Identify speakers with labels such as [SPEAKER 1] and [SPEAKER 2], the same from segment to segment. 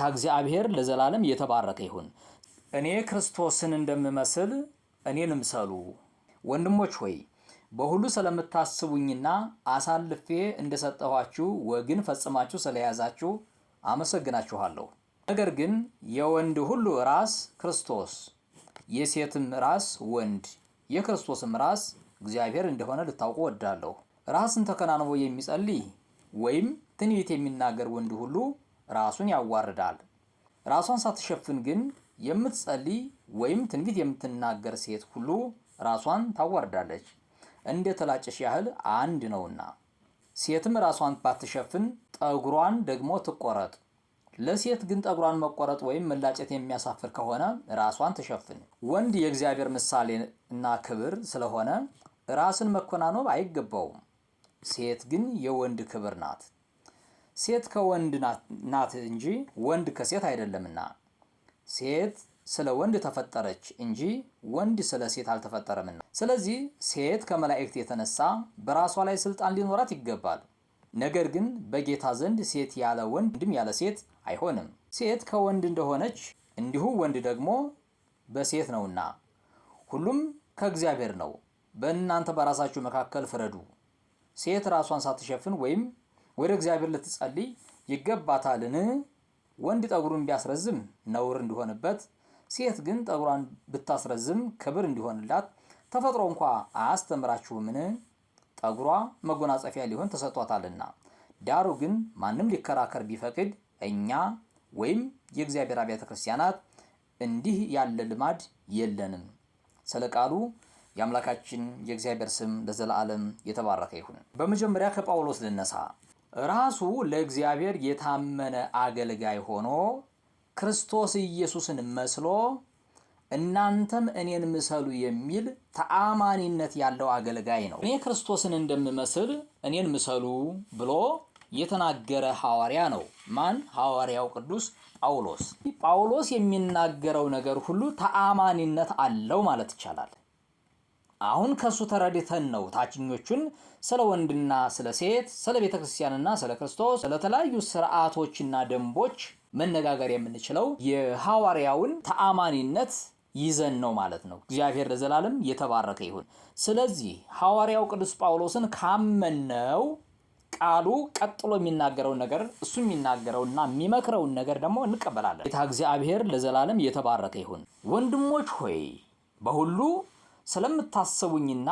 [SPEAKER 1] ጌታ እግዚአብሔር ለዘላለም የተባረከ ይሁን።
[SPEAKER 2] እኔ ክርስቶስን እንደምመስል እኔን ምሰሉ። ወንድሞች ሆይ በሁሉ ስለምታስቡኝና አሳልፌ እንደሰጠኋችሁ ወግን ፈጽማችሁ ስለያዛችሁ አመሰግናችኋለሁ። ነገር ግን የወንድ ሁሉ ራስ ክርስቶስ፣ የሴትም ራስ ወንድ፣ የክርስቶስም ራስ እግዚአብሔር እንደሆነ ልታውቁ ወዳለሁ። ራስን ተከናንቦ የሚጸልይ ወይም ትንቢት የሚናገር ወንድ ሁሉ ራሱን ያዋርዳል። ራሷን ሳትሸፍን ግን የምትጸልይ ወይም ትንቢት የምትናገር ሴት ሁሉ ራሷን ታዋርዳለች፣ እንደ ተላጨሽ ያህል አንድ ነውና። ሴትም ራሷን ባትሸፍን ጠጉሯን ደግሞ ትቆረጥ። ለሴት ግን ጠጉሯን መቆረጥ ወይም መላጨት የሚያሳፍር ከሆነ ራሷን ትሸፍን። ወንድ የእግዚአብሔር ምሳሌ እና ክብር ስለሆነ ራስን መኮናኖብ አይገባውም። ሴት ግን የወንድ ክብር ናት። ሴት ከወንድ ናት እንጂ ወንድ ከሴት አይደለምና ሴት ስለ ወንድ ተፈጠረች እንጂ ወንድ ስለ ሴት አልተፈጠረምና። ስለዚህ ሴት ከመላእክት የተነሳ በራሷ ላይ ስልጣን ሊኖራት ይገባል። ነገር ግን በጌታ ዘንድ ሴት ያለ ወንድም ያለ ሴት አይሆንም። ሴት ከወንድ እንደሆነች እንዲሁ ወንድ ደግሞ በሴት ነውና ሁሉም ከእግዚአብሔር ነው። በእናንተ በራሳችሁ መካከል ፍረዱ። ሴት ራሷን ሳትሸፍን ወይም ወደ እግዚአብሔር ልትጸልይ ይገባታልን? ወንድ ጠጉሩን ቢያስረዝም ነውር እንዲሆንበት፣ ሴት ግን ጠጉሯን ብታስረዝም ክብር እንዲሆንላት ተፈጥሮ እንኳ አያስተምራችሁምን? ጠጉሯ መጎናጸፊያ ሊሆን ተሰጥቷታልና። ዳሩ ግን ማንም ሊከራከር ቢፈቅድ እኛ ወይም የእግዚአብሔር አብያተ ክርስቲያናት እንዲህ ያለ ልማድ የለንም። ስለ ቃሉ የአምላካችን የእግዚአብሔር ስም ለዘላለም የተባረከ ይሁን። በመጀመሪያ ከጳውሎስ ልነሳ። ራሱ ለእግዚአብሔር የታመነ አገልጋይ ሆኖ ክርስቶስ ኢየሱስን መስሎ እናንተም እኔን ምሰሉ የሚል ተአማኒነት ያለው አገልጋይ ነው። እኔ ክርስቶስን እንደምመስል እኔን ምሰሉ ብሎ የተናገረ ሐዋርያ ነው። ማን? ሐዋርያው ቅዱስ ጳውሎስ። ጳውሎስ የሚናገረው ነገር ሁሉ ተአማኒነት አለው ማለት ይቻላል። አሁን ከእሱ ተረድተን ነው ታችኞቹን ስለ ወንድና ስለ ሴት፣ ስለ ቤተ ክርስቲያንና ስለ ክርስቶስ፣ ስለተለያዩ ስርዓቶችና ደንቦች መነጋገር የምንችለው የሐዋርያውን ተአማኒነት ይዘን ነው ማለት ነው። እግዚአብሔር ለዘላለም የተባረከ ይሁን። ስለዚህ ሐዋርያው ቅዱስ ጳውሎስን ካመነው ቃሉ ቀጥሎ የሚናገረውን ነገር እሱ የሚናገረውና የሚመክረውን ነገር ደግሞ እንቀበላለን። ጌታ እግዚአብሔር ለዘላለም የተባረከ ይሁን። ወንድሞች ሆይ በሁሉ ስለምታስቡኝና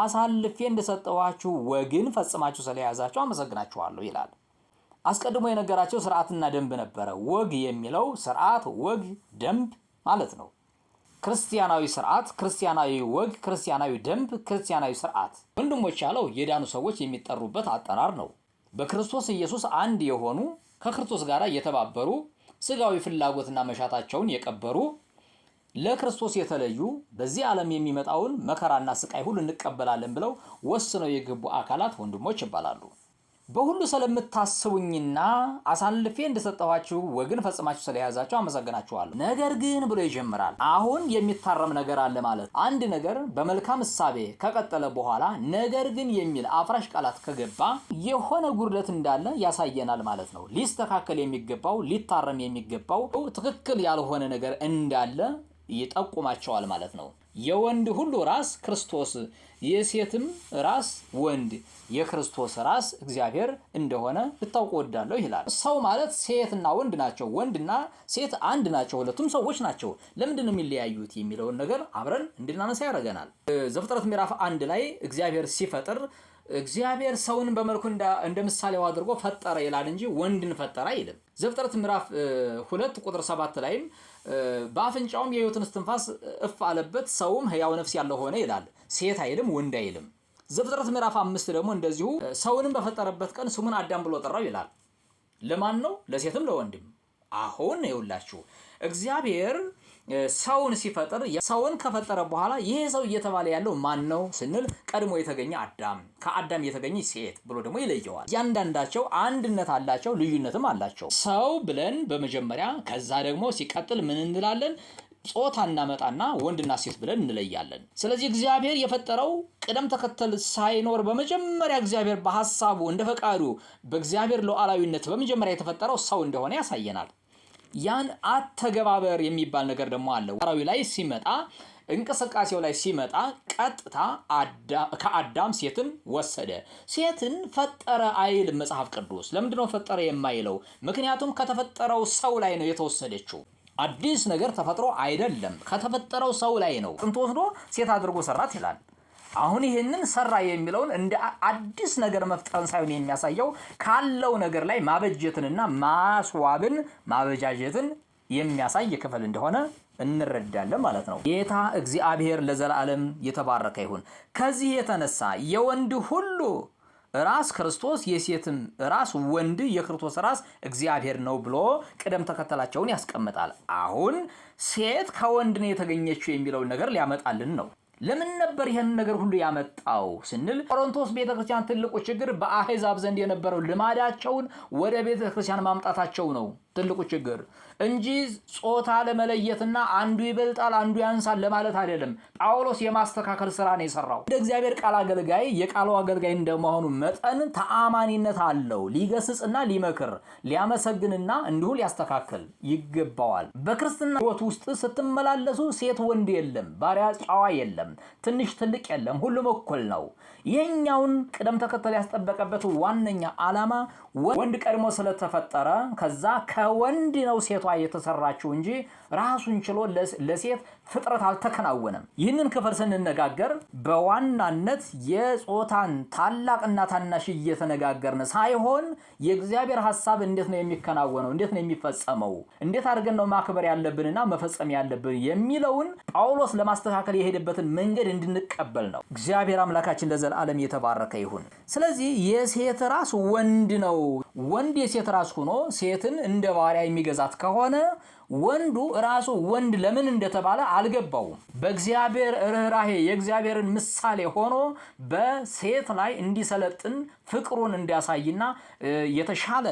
[SPEAKER 2] አሳልፌ እንደሰጠኋችሁ ወግን ፈጽማችሁ ስለያዛችሁ አመሰግናችኋለሁ ይላል። አስቀድሞ የነገራቸው ስርዓትና ደንብ ነበረ። ወግ የሚለው ስርዓት፣ ወግ፣ ደንብ ማለት ነው። ክርስቲያናዊ ስርዓት፣ ክርስቲያናዊ ወግ፣ ክርስቲያናዊ ደንብ፣ ክርስቲያናዊ ስርዓት። ወንድሞች ያለው የዳኑ ሰዎች የሚጠሩበት አጠራር ነው። በክርስቶስ ኢየሱስ አንድ የሆኑ ከክርስቶስ ጋር እየተባበሩ ስጋዊ ፍላጎትና መሻታቸውን የቀበሩ ለክርስቶስ የተለዩ በዚህ ዓለም የሚመጣውን መከራና ስቃይ ሁሉ እንቀበላለን ብለው ወስነው የገቡ አካላት ወንድሞች ይባላሉ። በሁሉ ስለምታስቡኝና አሳልፌ እንደሰጠኋችሁ ወግን ፈጽማችሁ ስለያዛችሁ አመሰግናችኋለሁ። ነገር ግን ብሎ ይጀምራል። አሁን የሚታረም ነገር አለ ማለት አንድ ነገር በመልካም እሳቤ ከቀጠለ በኋላ ነገር ግን የሚል አፍራሽ ቃላት ከገባ የሆነ ጉድለት እንዳለ ያሳየናል ማለት ነው። ሊስተካከል የሚገባው ሊታረም የሚገባው ትክክል ያልሆነ ነገር እንዳለ ይጠቁማቸዋል ማለት ነው። የወንድ ሁሉ ራስ ክርስቶስ፣ የሴትም ራስ ወንድ፣ የክርስቶስ ራስ እግዚአብሔር እንደሆነ ልታውቁ ወዳለሁ ይላል። ሰው ማለት ሴትና ወንድ ናቸው። ወንድና ሴት አንድ ናቸው። ሁለቱም ሰዎች ናቸው። ለምንድን ነው የሚለያዩት የሚለውን ነገር አብረን እንድናነሳ ያደርገናል። ዘፍጥረት ምዕራፍ አንድ ላይ እግዚአብሔር ሲፈጥር እግዚአብሔር ሰውን በመልኩ እንደ ምሳሌው አድርጎ ፈጠረ ይላል እንጂ ወንድን ፈጠረ አይልም። ዘፍጥረት ምዕራፍ ሁለት ቁጥር ሰባት ላይም በአፍንጫውም የህይወትን እስትንፋስ እፍ አለበት፣ ሰውም ህያው ነፍስ ያለው ሆነ ይላል። ሴት አይልም ወንድ አይልም። ዘፍጥረት ምዕራፍ አምስት ደግሞ እንደዚሁ ሰውንም በፈጠረበት ቀን ስሙን አዳም ብሎ ጠራው ይላል። ለማን ነው? ለሴትም ለወንድም። አሁን ይውላችሁ እግዚአብሔር ሰውን ሲፈጥር ሰውን ከፈጠረ በኋላ ይሄ ሰው እየተባለ ያለው ማን ነው ስንል ቀድሞ የተገኘ አዳም፣ ከአዳም የተገኘ ሴት ብሎ ደግሞ ይለየዋል። እያንዳንዳቸው አንድነት አላቸው፣ ልዩነትም አላቸው። ሰው ብለን በመጀመሪያ ከዛ ደግሞ ሲቀጥል ምን እንላለን? ጾታ እናመጣና ወንድና ሴት ብለን እንለያለን። ስለዚህ እግዚአብሔር የፈጠረው ቅደም ተከተል ሳይኖር በመጀመሪያ እግዚአብሔር በሀሳቡ እንደ ፈቃዱ በእግዚአብሔር ሉዓላዊነት በመጀመሪያ የተፈጠረው ሰው እንደሆነ ያሳየናል። ያን አተገባበር የሚባል ነገር ደግሞ አለ። ራዊ ላይ ሲመጣ እንቅስቃሴው ላይ ሲመጣ ቀጥታ ከአዳም ሴትን ወሰደ። ሴትን ፈጠረ አይል መጽሐፍ ቅዱስ። ለምንድነው ፈጠረ የማይለው? ምክንያቱም ከተፈጠረው ሰው ላይ ነው የተወሰደችው። አዲስ ነገር ተፈጥሮ አይደለም፣ ከተፈጠረው ሰው ላይ ነው። ጥንት ወስዶ ሴት አድርጎ ሰራት ይላል። አሁን ይሄንን ሰራ የሚለውን እንደ አዲስ ነገር መፍጠርን ሳይሆን የሚያሳየው ካለው ነገር ላይ ማበጀትንና ማስዋብን ማበጃጀትን የሚያሳይ ክፍል እንደሆነ እንረዳለን ማለት ነው። ጌታ እግዚአብሔር ለዘላለም የተባረከ ይሁን። ከዚህ የተነሳ የወንድ ሁሉ ራስ ክርስቶስ የሴትም ራስ ወንድ የክርስቶስ ራስ እግዚአብሔር ነው ብሎ ቅደም ተከተላቸውን ያስቀምጣል። አሁን ሴት ከወንድ ነው የተገኘችው የሚለውን ነገር ሊያመጣልን ነው። ለምን ነበር ይህን ነገር ሁሉ ያመጣው ስንል ቆሮንቶስ ቤተክርስቲያን ትልቁ ችግር በአሕዛብ ዘንድ የነበረው ልማዳቸውን ወደ ቤተክርስቲያን ማምጣታቸው ነው ትልቁ ችግር። እንጂ ጾታ ለመለየትና አንዱ ይበልጣል አንዱ ያንሳል ለማለት አይደለም። ጳውሎስ የማስተካከል ስራ ነው የሰራው። እንደ እግዚአብሔር ቃል አገልጋይ የቃሉ አገልጋይ እንደመሆኑ መጠን ተአማኒነት አለው። ሊገስጽና ሊመክር፣ ሊያመሰግንና እንዲሁ ሊያስተካክል ይገባዋል። በክርስትና ህይወት ውስጥ ስትመላለሱ ሴት ወንድ የለም፣ ባሪያ ጨዋ የለም፣ ትንሽ ትልቅ የለም፣ ሁሉም እኩል ነው። ይህኛውን ቅደም ተከተል ያስጠበቀበት ዋነኛ ዓላማ ወንድ ቀድሞ ስለተፈጠረ ከዛ ከወንድ ነው ሴቷ የተሰራችው እንጂ ራሱን ችሎ ለሴት ፍጥረት አልተከናወነም። ይህንን ክፍል ስንነጋገር በዋናነት የጾታን ታላቅና ታናሽ እየተነጋገርን ሳይሆን የእግዚአብሔር ሀሳብ እንዴት ነው የሚከናወነው፣ እንዴት ነው የሚፈጸመው፣ እንዴት አድርገን ነው ማክበር ያለብንና መፈጸም ያለብን የሚለውን ጳውሎስ ለማስተካከል የሄደበትን መንገድ እንድንቀበል ነው። እግዚአብሔር አምላካችን ለዘ ለዘላለም የተባረከ ይሁን። ስለዚህ የሴት ራስ ወንድ ነው። ወንድ የሴት ራስ ሆኖ ሴትን እንደ ባሪያ የሚገዛት ከሆነ ወንዱ ራሱ ወንድ ለምን እንደተባለ አልገባውም። በእግዚአብሔር ርኅራሄ የእግዚአብሔርን ምሳሌ ሆኖ በሴት ላይ እንዲሰለጥን ፍቅሩን እንዲያሳይና የተሻለ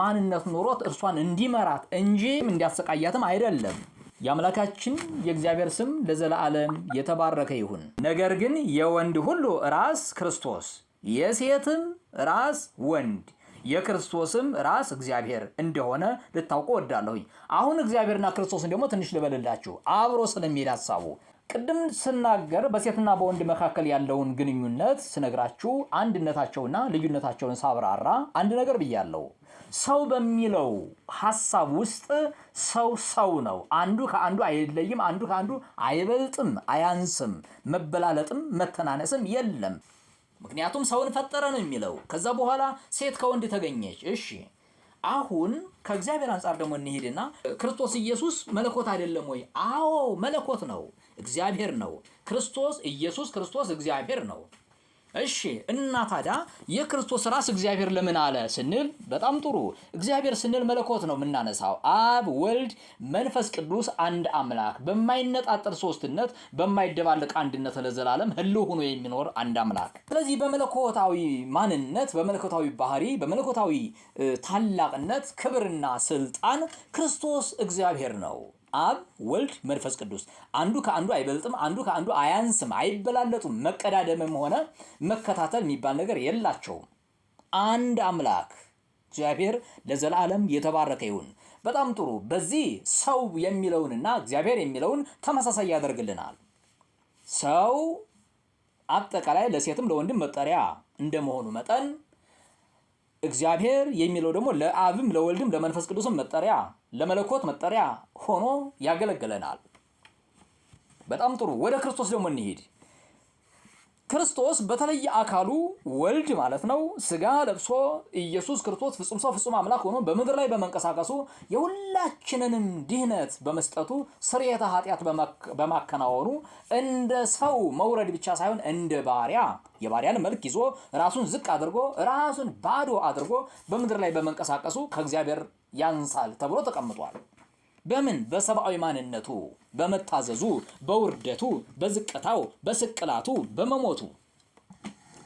[SPEAKER 2] ማንነት ኑሮት እርሷን እንዲመራት እንጂ እንዲያሰቃያትም አይደለም። የአምላካችን የእግዚአብሔር ስም ለዘላለም የተባረከ ይሁን። ነገር ግን የወንድ ሁሉ ራስ ክርስቶስ፣ የሴትም ራስ ወንድ፣ የክርስቶስም ራስ እግዚአብሔር እንደሆነ ልታውቁ እወዳለሁኝ። አሁን እግዚአብሔርና ክርስቶስን ደግሞ ትንሽ ልበልላችሁ አብሮ ስለሚሄድ ሀሳቡ ቅድም ስናገር በሴትና በወንድ መካከል ያለውን ግንኙነት ስነግራችሁ አንድነታቸውና ልዩነታቸውን ሳብራራ አንድ ነገር ብያለሁ። ሰው በሚለው ሀሳብ ውስጥ ሰው ሰው ነው። አንዱ ከአንዱ አይለይም፣ አንዱ ከአንዱ አይበልጥም፣ አያንስም። መበላለጥም መተናነስም የለም። ምክንያቱም ሰውን ፈጠረ ነው የሚለው። ከዛ በኋላ ሴት ከወንድ ተገኘች። እሺ አሁን ከእግዚአብሔር አንጻር ደግሞ እንሄድና ክርስቶስ ኢየሱስ መለኮት አይደለም ወይ? አዎ መለኮት ነው፣ እግዚአብሔር ነው። ክርስቶስ ኢየሱስ ክርስቶስ እግዚአብሔር ነው። እሺ እና ታዲያ የክርስቶስ ራስ እግዚአብሔር ለምን አለ ስንል፣ በጣም ጥሩ እግዚአብሔር ስንል መለኮት ነው የምናነሳው። አብ፣ ወልድ፣ መንፈስ ቅዱስ አንድ አምላክ በማይነጣጠል ሶስትነት በማይደባለቅ አንድነት ለዘላለም ህልው ሆኖ የሚኖር አንድ አምላክ። ስለዚህ በመለኮታዊ ማንነት፣ በመለኮታዊ ባህሪ፣ በመለኮታዊ ታላቅነት፣ ክብርና ስልጣን ክርስቶስ እግዚአብሔር ነው። አብ ወልድ መንፈስ ቅዱስ አንዱ ከአንዱ አይበልጥም፣ አንዱ ከአንዱ አያንስም፣ አይበላለጡም። መቀዳደምም ሆነ መከታተል የሚባል ነገር የላቸውም። አንድ አምላክ እግዚአብሔር ለዘላለም የተባረከ ይሁን። በጣም ጥሩ። በዚህ ሰው የሚለውንና እግዚአብሔር የሚለውን ተመሳሳይ ያደርግልናል። ሰው አጠቃላይ ለሴትም ለወንድም መጠሪያ እንደመሆኑ መጠን እግዚአብሔር የሚለው ደግሞ ለአብም ለወልድም ለመንፈስ ቅዱስም መጠሪያ ለመለኮት መጠሪያ ሆኖ ያገለግለናል። በጣም ጥሩ። ወደ ክርስቶስ ደግሞ እንሄድ ክርስቶስ በተለየ አካሉ ወልድ ማለት ነው ስጋ ለብሶ ኢየሱስ ክርስቶስ ፍጹም ሰው ፍጹም አምላክ ሆኖ በምድር ላይ በመንቀሳቀሱ የሁላችንንም ድህነት በመስጠቱ ስርየተ ኃጢአት በማከናወኑ እንደ ሰው መውረድ ብቻ ሳይሆን እንደ ባሪያ የባሪያን መልክ ይዞ ራሱን ዝቅ አድርጎ ራሱን ባዶ አድርጎ በምድር ላይ በመንቀሳቀሱ ከእግዚአብሔር ያንሳል ተብሎ ተቀምጧል። በምን በሰብአዊ ማንነቱ በመታዘዙ በውርደቱ በዝቅታው በስቅላቱ በመሞቱ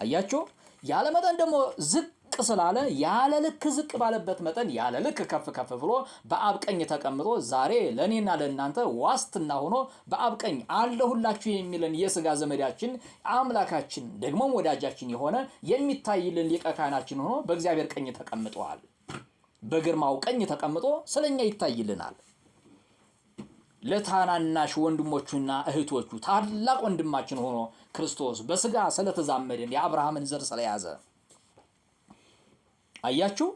[SPEAKER 2] አያችሁ ያለ መጠን ደግሞ ዝቅ ስላለ ያለ ልክ ዝቅ ባለበት መጠን ያለ ልክ ከፍ ከፍ ብሎ በአብ ቀኝ ተቀምጦ ዛሬ ለእኔና ለእናንተ ዋስትና ሆኖ በአብ ቀኝ አለሁላችሁ የሚለን የስጋ ዘመዳችን አምላካችን ደግሞም ወዳጃችን የሆነ የሚታይልን ሊቀ ካህናችን ሆኖ በእግዚአብሔር ቀኝ ተቀምጠዋል። በግርማው ቀኝ ተቀምጦ ስለኛ ይታይልናል። ለታናናሽ ወንድሞቹና እህቶቹ ታላቅ ወንድማችን ሆኖ ክርስቶስ በስጋ ስለተዛመድን የአብርሃምን ዘር ስለያዘ አያችሁ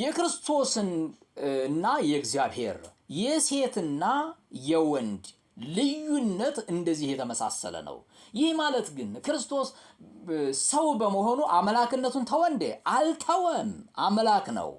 [SPEAKER 2] የክርስቶስን እና የእግዚአብሔር የሴትና የወንድ ልዩነት እንደዚህ የተመሳሰለ ነው። ይህ ማለት ግን ክርስቶስ ሰው በመሆኑ አምላክነቱን ተወ እንዴ? አልተወም። አምላክ ነው።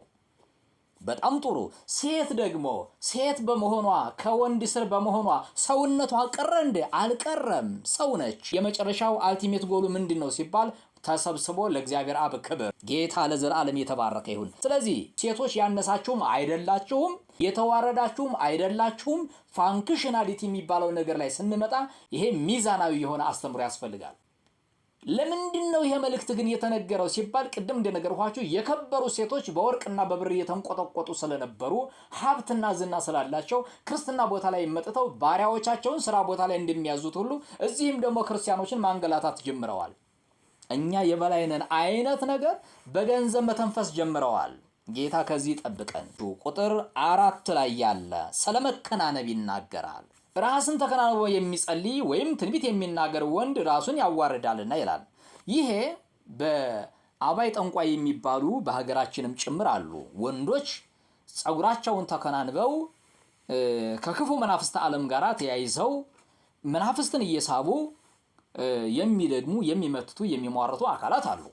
[SPEAKER 2] በጣም ጥሩ። ሴት ደግሞ ሴት በመሆኗ ከወንድ ስር በመሆኗ ሰውነቷ ቀረ እንደ አልቀረም፣ ሰው ነች። የመጨረሻው አልቲሜት ጎሉ ምንድን ነው ሲባል ተሰብስቦ ለእግዚአብሔር አብ ክብር። ጌታ ለዘላለም የተባረከ ይሁን። ስለዚህ ሴቶች ያነሳችሁም አይደላችሁም፣ የተዋረዳችሁም አይደላችሁም። ፋንክሽናሊቲ የሚባለው ነገር ላይ ስንመጣ ይሄ ሚዛናዊ የሆነ አስተምሮ ያስፈልጋል። ለምንድን ነው ይሄ መልእክት ግን የተነገረው ሲባል ቅድም እንደነገርኳችሁ የከበሩ ሴቶች በወርቅና በብር እየተንቆጠቆጡ ስለነበሩ ሀብትና ዝና ስላላቸው ክርስትና ቦታ ላይ መጥተው ባሪያዎቻቸውን ስራ ቦታ ላይ እንደሚያዙት ሁሉ እዚህም ደግሞ ክርስቲያኖችን ማንገላታት ጀምረዋል። እኛ የበላይነን አይነት ነገር በገንዘብ መተንፈስ ጀምረዋል። ጌታ ከዚህ ጠብቀን። ቁጥር አራት ላይ ያለ ስለመከናነብ ይናገራል። ራስን ተከናንቦ የሚጸልይ ወይም ትንቢት የሚናገር ወንድ ራሱን ያዋርዳልና ይላል። ይሄ በአባይ ጠንቋይ የሚባሉ በሀገራችንም ጭምር አሉ። ወንዶች ጸጉራቸውን ተከናንበው ከክፉ መናፍስት ዓለም ጋር ተያይዘው መናፍስትን እየሳቡ የሚደግሙ፣ የሚመትቱ፣ የሚሟርቱ አካላት አሉ።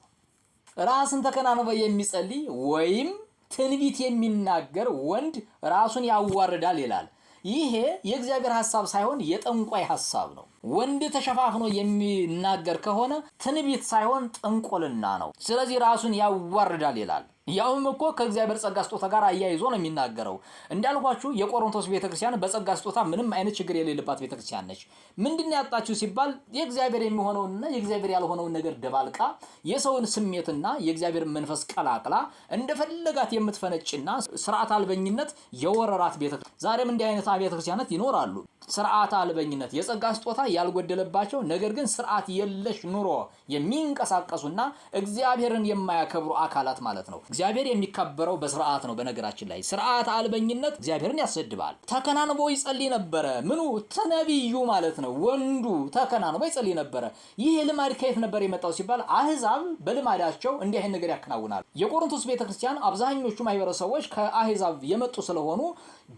[SPEAKER 2] ራስን ተከናንበ የሚጸልይ ወይም ትንቢት የሚናገር ወንድ ራሱን ያዋርዳል ይላል። ይሄ የእግዚአብሔር ሐሳብ ሳይሆን የጠንቋይ ሐሳብ ነው። ወንድ ተሸፋፍኖ የሚናገር ከሆነ ትንቢት ሳይሆን ጥንቆልና ነው። ስለዚህ ራሱን ያዋርዳል ይላል። ያውም እኮ ከእግዚአብሔር ጸጋ ስጦታ ጋር አያይዞ ነው የሚናገረው። እንዳልኳችሁ የቆሮንቶስ ቤተክርስቲያን በጸጋ ስጦታ ምንም አይነት ችግር የሌለባት ቤተክርስቲያን ነች። ምንድን ያጣችሁ ሲባል የእግዚአብሔር የሚሆነውንና የእግዚአብሔር ያልሆነውን ነገር ደባልቃ የሰውን ስሜትና የእግዚአብሔር መንፈስ ቀላቅላ እንደፈለጋት የምትፈነጭና ስርዓት አልበኝነት የወረራት ቤተ ዛሬም እንዲህ አይነት አብያተ ክርስቲያናት ይኖራሉ። ስርዓት አልበኝነት የጸጋ ስጦታ ያልጎደለባቸው ነገር ግን ስርዓት የለሽ ኑሮ የሚንቀሳቀሱና እግዚአብሔርን የማያከብሩ አካላት ማለት ነው። እግዚአብሔር የሚከበረው በስርዓት ነው። በነገራችን ላይ ስርዓት አልበኝነት እግዚአብሔርን ያሰድባል። ተከናንቦ ይጸልይ ነበረ። ምኑ ተነቢዩ ማለት ነው። ወንዱ ተከናንቦ ይጸልይ ነበረ። ይህ ልማድ ከየት ነበር የመጣው ሲባል አህዛብ በልማዳቸው እንዲህ አይነት ነገር ያከናውናል። የቆሮንቶስ ቤተክርስቲያን አብዛኞቹ ማህበረሰቦች ከአህዛብ የመጡ ስለሆኑ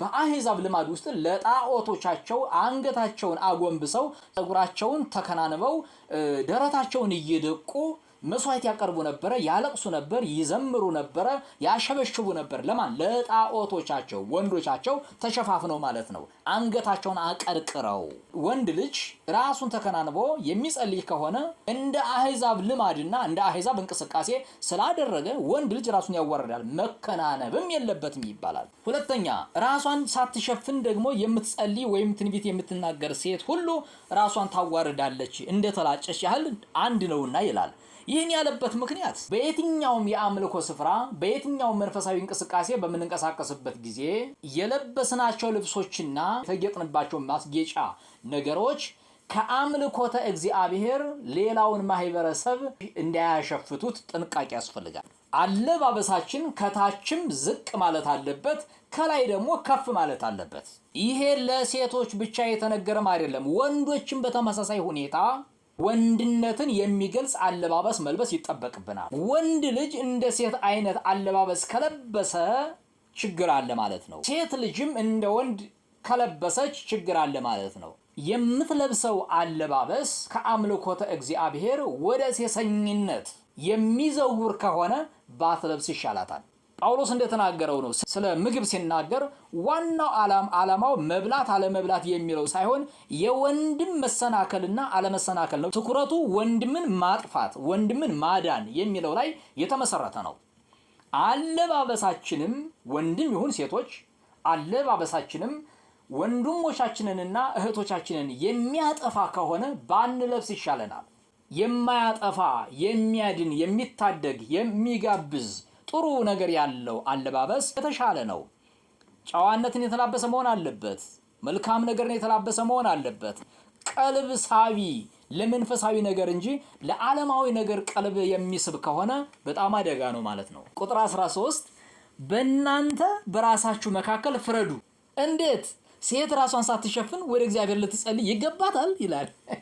[SPEAKER 2] በአሕዛብ ልማድ ውስጥ ለጣዖቶቻቸው አንገታቸውን አጎንብሰው ጸጉራቸውን ተከናንበው ደረታቸውን እየደቁ መስዋዕት ያቀርቡ ነበረ፣ ያለቅሱ ነበር፣ ይዘምሩ ነበረ፣ ያሸበሽቡ ነበር። ለማን? ለጣዖቶቻቸው። ወንዶቻቸው ተሸፋፍነው ማለት ነው። አንገታቸውን አቀርቅረው። ወንድ ልጅ ራሱን ተከናንቦ የሚጸልይ ከሆነ እንደ አሕዛብ ልማድና እንደ አሕዛብ እንቅስቃሴ ስላደረገ ወንድ ልጅ ራሱን ያዋርዳል፣ መከናነብም የለበትም ይባላል። ሁለተኛ ራሷን ሳትሸፍን ደግሞ የምትጸልይ ወይም ትንቢት የምትናገር ሴት ሁሉ ራሷን ታዋርዳለች እንደተላጨች ያህል አንድ ነውና ይላል። ይህን ያለበት ምክንያት በየትኛውም የአምልኮ ስፍራ በየትኛውም መንፈሳዊ እንቅስቃሴ በምንንቀሳቀስበት ጊዜ የለበስናቸው ልብሶችና የተጌጥንባቸው ማስጌጫ ነገሮች ከአምልኮተ እግዚአብሔር ሌላውን ማህበረሰብ እንዳያሸፍቱት ጥንቃቄ ያስፈልጋል። አለባበሳችን ከታችም ዝቅ ማለት አለበት፣ ከላይ ደግሞ ከፍ ማለት አለበት። ይሄ ለሴቶች ብቻ የተነገረም አይደለም። ወንዶችም በተመሳሳይ ሁኔታ ወንድነትን የሚገልጽ አለባበስ መልበስ ይጠበቅብናል። ወንድ ልጅ እንደ ሴት አይነት አለባበስ ከለበሰ ችግር አለ ማለት ነው። ሴት ልጅም እንደ ወንድ ከለበሰች ችግር አለ ማለት ነው። የምትለብሰው አለባበስ ከአምልኮተ እግዚአብሔር ወደ ሴሰኝነት የሚዘውር ከሆነ ባትለብስ ይሻላታል። ጳውሎስ እንደተናገረው ነው። ስለ ምግብ ሲናገር ዋናው ዓላማው መብላት አለመብላት የሚለው ሳይሆን የወንድም መሰናከልና አለመሰናከል ነው። ትኩረቱ ወንድምን ማጥፋት፣ ወንድምን ማዳን የሚለው ላይ የተመሰረተ ነው። አለባበሳችንም ወንድም ይሁን ሴቶች አለባበሳችንም ወንድሞቻችንንና እህቶቻችንን የሚያጠፋ ከሆነ ባንለብስ ይሻለናል። የማያጠፋ የሚያድን የሚታደግ የሚጋብዝ ጥሩ ነገር ያለው አለባበስ የተሻለ ነው። ጨዋነትን የተላበሰ መሆን አለበት። መልካም ነገርን የተላበሰ መሆን አለበት። ቀልብ ሳቢ ለመንፈሳዊ ነገር እንጂ ለዓለማዊ ነገር ቀልብ የሚስብ ከሆነ በጣም አደጋ ነው ማለት ነው። ቁጥር 13 በእናንተ በራሳችሁ መካከል ፍረዱ። እንዴት? ሴት ራሷን ሳትሸፍን ወደ እግዚአብሔር ልትጸልይ ይገባታል ይላል።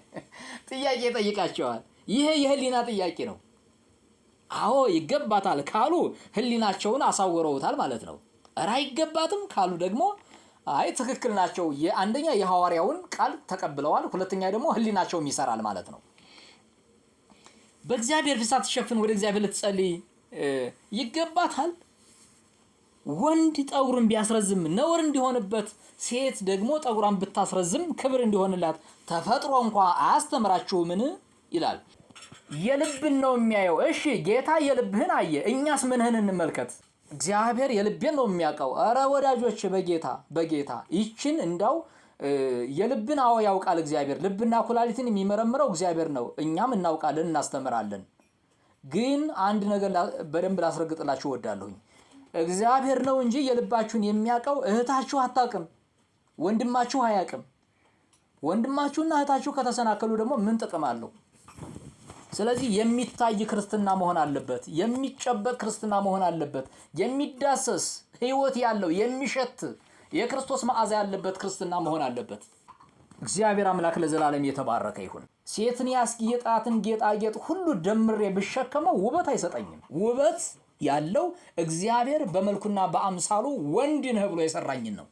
[SPEAKER 2] ጥያቄ ጠይቃቸዋል። ይሄ የህሊና ጥያቄ ነው። አዎ ይገባታል ካሉ ህሊናቸውን አሳውረውታል ማለት ነው። እረ አይገባትም ካሉ ደግሞ አይ ትክክል ናቸው። አንደኛ የሐዋርያውን ቃል ተቀብለዋል፣ ሁለተኛ ደግሞ ህሊናቸውም ይሰራል ማለት ነው። በእግዚአብሔር ፊት ሳትሸፍን ወደ እግዚአብሔር ልትጸልይ ይገባታል ወንድ ጠጉሩን ቢያስረዝም ነውር እንዲሆንበት፣ ሴት ደግሞ ጠጉሯን ብታስረዝም ክብር እንዲሆንላት ተፈጥሮ እንኳ አያስተምራችሁምን? ይላል። የልብን ነው የሚያየው። እሺ ጌታ የልብህን አየ፣ እኛስ ምንህን እንመልከት። እግዚአብሔር የልቤን ነው የሚያውቀው። እረ ወዳጆች፣ በጌታ በጌታ ይችን እንዳው የልብን አዎ ያውቃል እግዚአብሔር። ልብና ኩላሊትን የሚመረምረው እግዚአብሔር ነው። እኛም እናውቃለን፣ እናስተምራለን። ግን አንድ ነገር በደንብ ላስረግጥላችሁ እወዳለሁኝ። እግዚአብሔር ነው እንጂ የልባችሁን የሚያውቀው እህታችሁ አታውቅም፣ ወንድማችሁ አያውቅም። ወንድማችሁና እህታችሁ ከተሰናከሉ ደግሞ ምን ጥቅም አለው? ስለዚህ የሚታይ ክርስትና መሆን አለበት። የሚጨበጥ ክርስትና መሆን አለበት። የሚዳሰስ ህይወት ያለው የሚሸት የክርስቶስ መዓዛ ያለበት ክርስትና መሆን አለበት። እግዚአብሔር አምላክ ለዘላለም የተባረከ ይሁን። ሴትን ያስጌጣትን ጌጣጌጥ ሁሉ ደምሬ ብሸከመው ውበት አይሰጠኝም። ውበት ያለው እግዚአብሔር በመልኩና በአምሳሉ ወንድ ነህ ብሎ የሰራኝን ነው።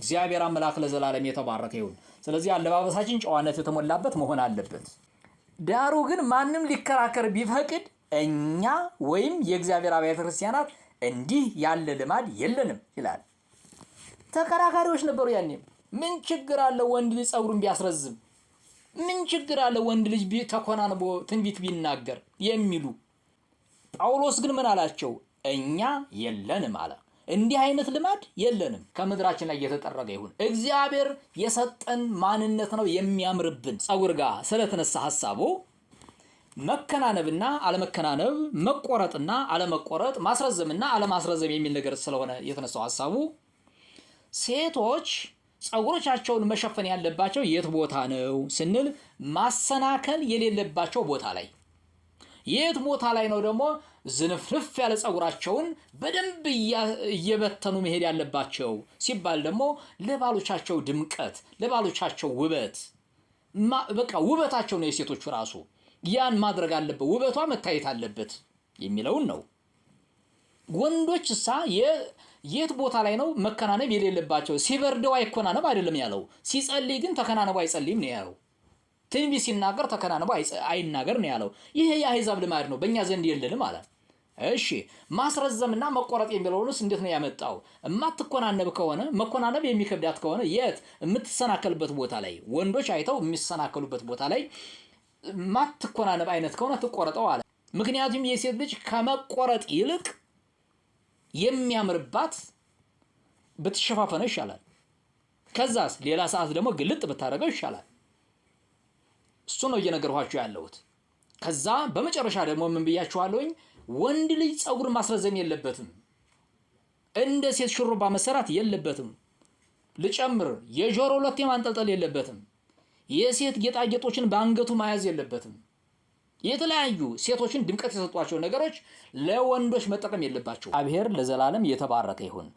[SPEAKER 2] እግዚአብሔር አምላክ ለዘላለም የተባረከ ይሁን። ስለዚህ አለባበሳችን ጨዋነት የተሞላበት መሆን አለበት። ዳሩ ግን ማንም ሊከራከር ቢፈቅድ እኛ ወይም የእግዚአብሔር አብያተ ክርስቲያናት እንዲህ ያለ ልማድ የለንም ይላል። ተከራካሪዎች ነበሩ ያኔም። ምን ችግር አለ ወንድ ልጅ ጸጉሩን ቢያስረዝም? ምን ችግር አለ ወንድ ልጅ ተኮናንቦ ትንቢት ቢናገር የሚሉ ጳውሎስ ግን ምን አላቸው? እኛ የለንም አለ። እንዲህ አይነት ልማድ የለንም፣ ከምድራችን ላይ እየተጠረገ ይሁን። እግዚአብሔር የሰጠን ማንነት ነው የሚያምርብን። ጸጉር ጋር ስለተነሳ ሀሳቡ መከናነብና አለመከናነብ፣ መቆረጥና አለመቆረጥ፣ ማስረዘምና አለማስረዘም የሚል ነገር ስለሆነ የተነሳው ሀሳቡ ሴቶች ጸጉሮቻቸውን መሸፈን ያለባቸው የት ቦታ ነው ስንል ማሰናከል የሌለባቸው ቦታ ላይ የት ቦታ ላይ ነው ደግሞ ዝንፍርፍ ያለ ጸጉራቸውን በደንብ እየበተኑ መሄድ ያለባቸው ሲባል ደግሞ ለባሎቻቸው ድምቀት፣ ለባሎቻቸው ውበት በቃ ውበታቸው ነው የሴቶቹ ራሱ ያን ማድረግ አለበት፣ ውበቷ መታየት አለበት የሚለውን ነው። ወንዶች እሳ የት ቦታ ላይ ነው መከናነብ የሌለባቸው? ሲበርደው አይኮናነብ አይደለም ያለው፣ ሲጸልይ ግን ተከናነቡ አይጸልይም ነው ያለው። ትንቢት ሲናገር ተከናነቡ አይናገር ነው ያለው። ይሄ የአሕዛብ ልማድ ነው፣ በእኛ ዘንድ የለንም አለ። እሺ ማስረዘምና መቆረጥ የሚለውንስ እንዴት ነው ያመጣው? እማትኮናነብ ከሆነ መኮናነብ የሚከብዳት ከሆነ የት የምትሰናከልበት ቦታ ላይ ወንዶች አይተው የሚሰናከሉበት ቦታ ላይ ማትኮናነብ አይነት ከሆነ ትቆረጠው አለ። ምክንያቱም የሴት ልጅ ከመቆረጥ ይልቅ የሚያምርባት ብትሸፋፈነው ይሻላል። ከዛስ ሌላ ሰዓት ደግሞ ግልጥ ብታደርገው ይሻላል። እሱ ነው እየነገርኋችሁ ያለሁት። ከዛ በመጨረሻ ደግሞ ምን ብያችኋለሁኝ? ወንድ ልጅ ጸጉር ማስረዘም የለበትም። እንደ ሴት ሹሩባ መሰራት የለበትም። ልጨምር፣ የጆሮ ሎቴ ማንጠልጠል የለበትም። የሴት ጌጣጌጦችን በአንገቱ መያዝ የለበትም። የተለያዩ ሴቶችን ድምቀት የሰጧቸው ነገሮች ለወንዶች መጠቀም የለባቸው። አብሔር ለዘላለም የተባረከ ይሁን።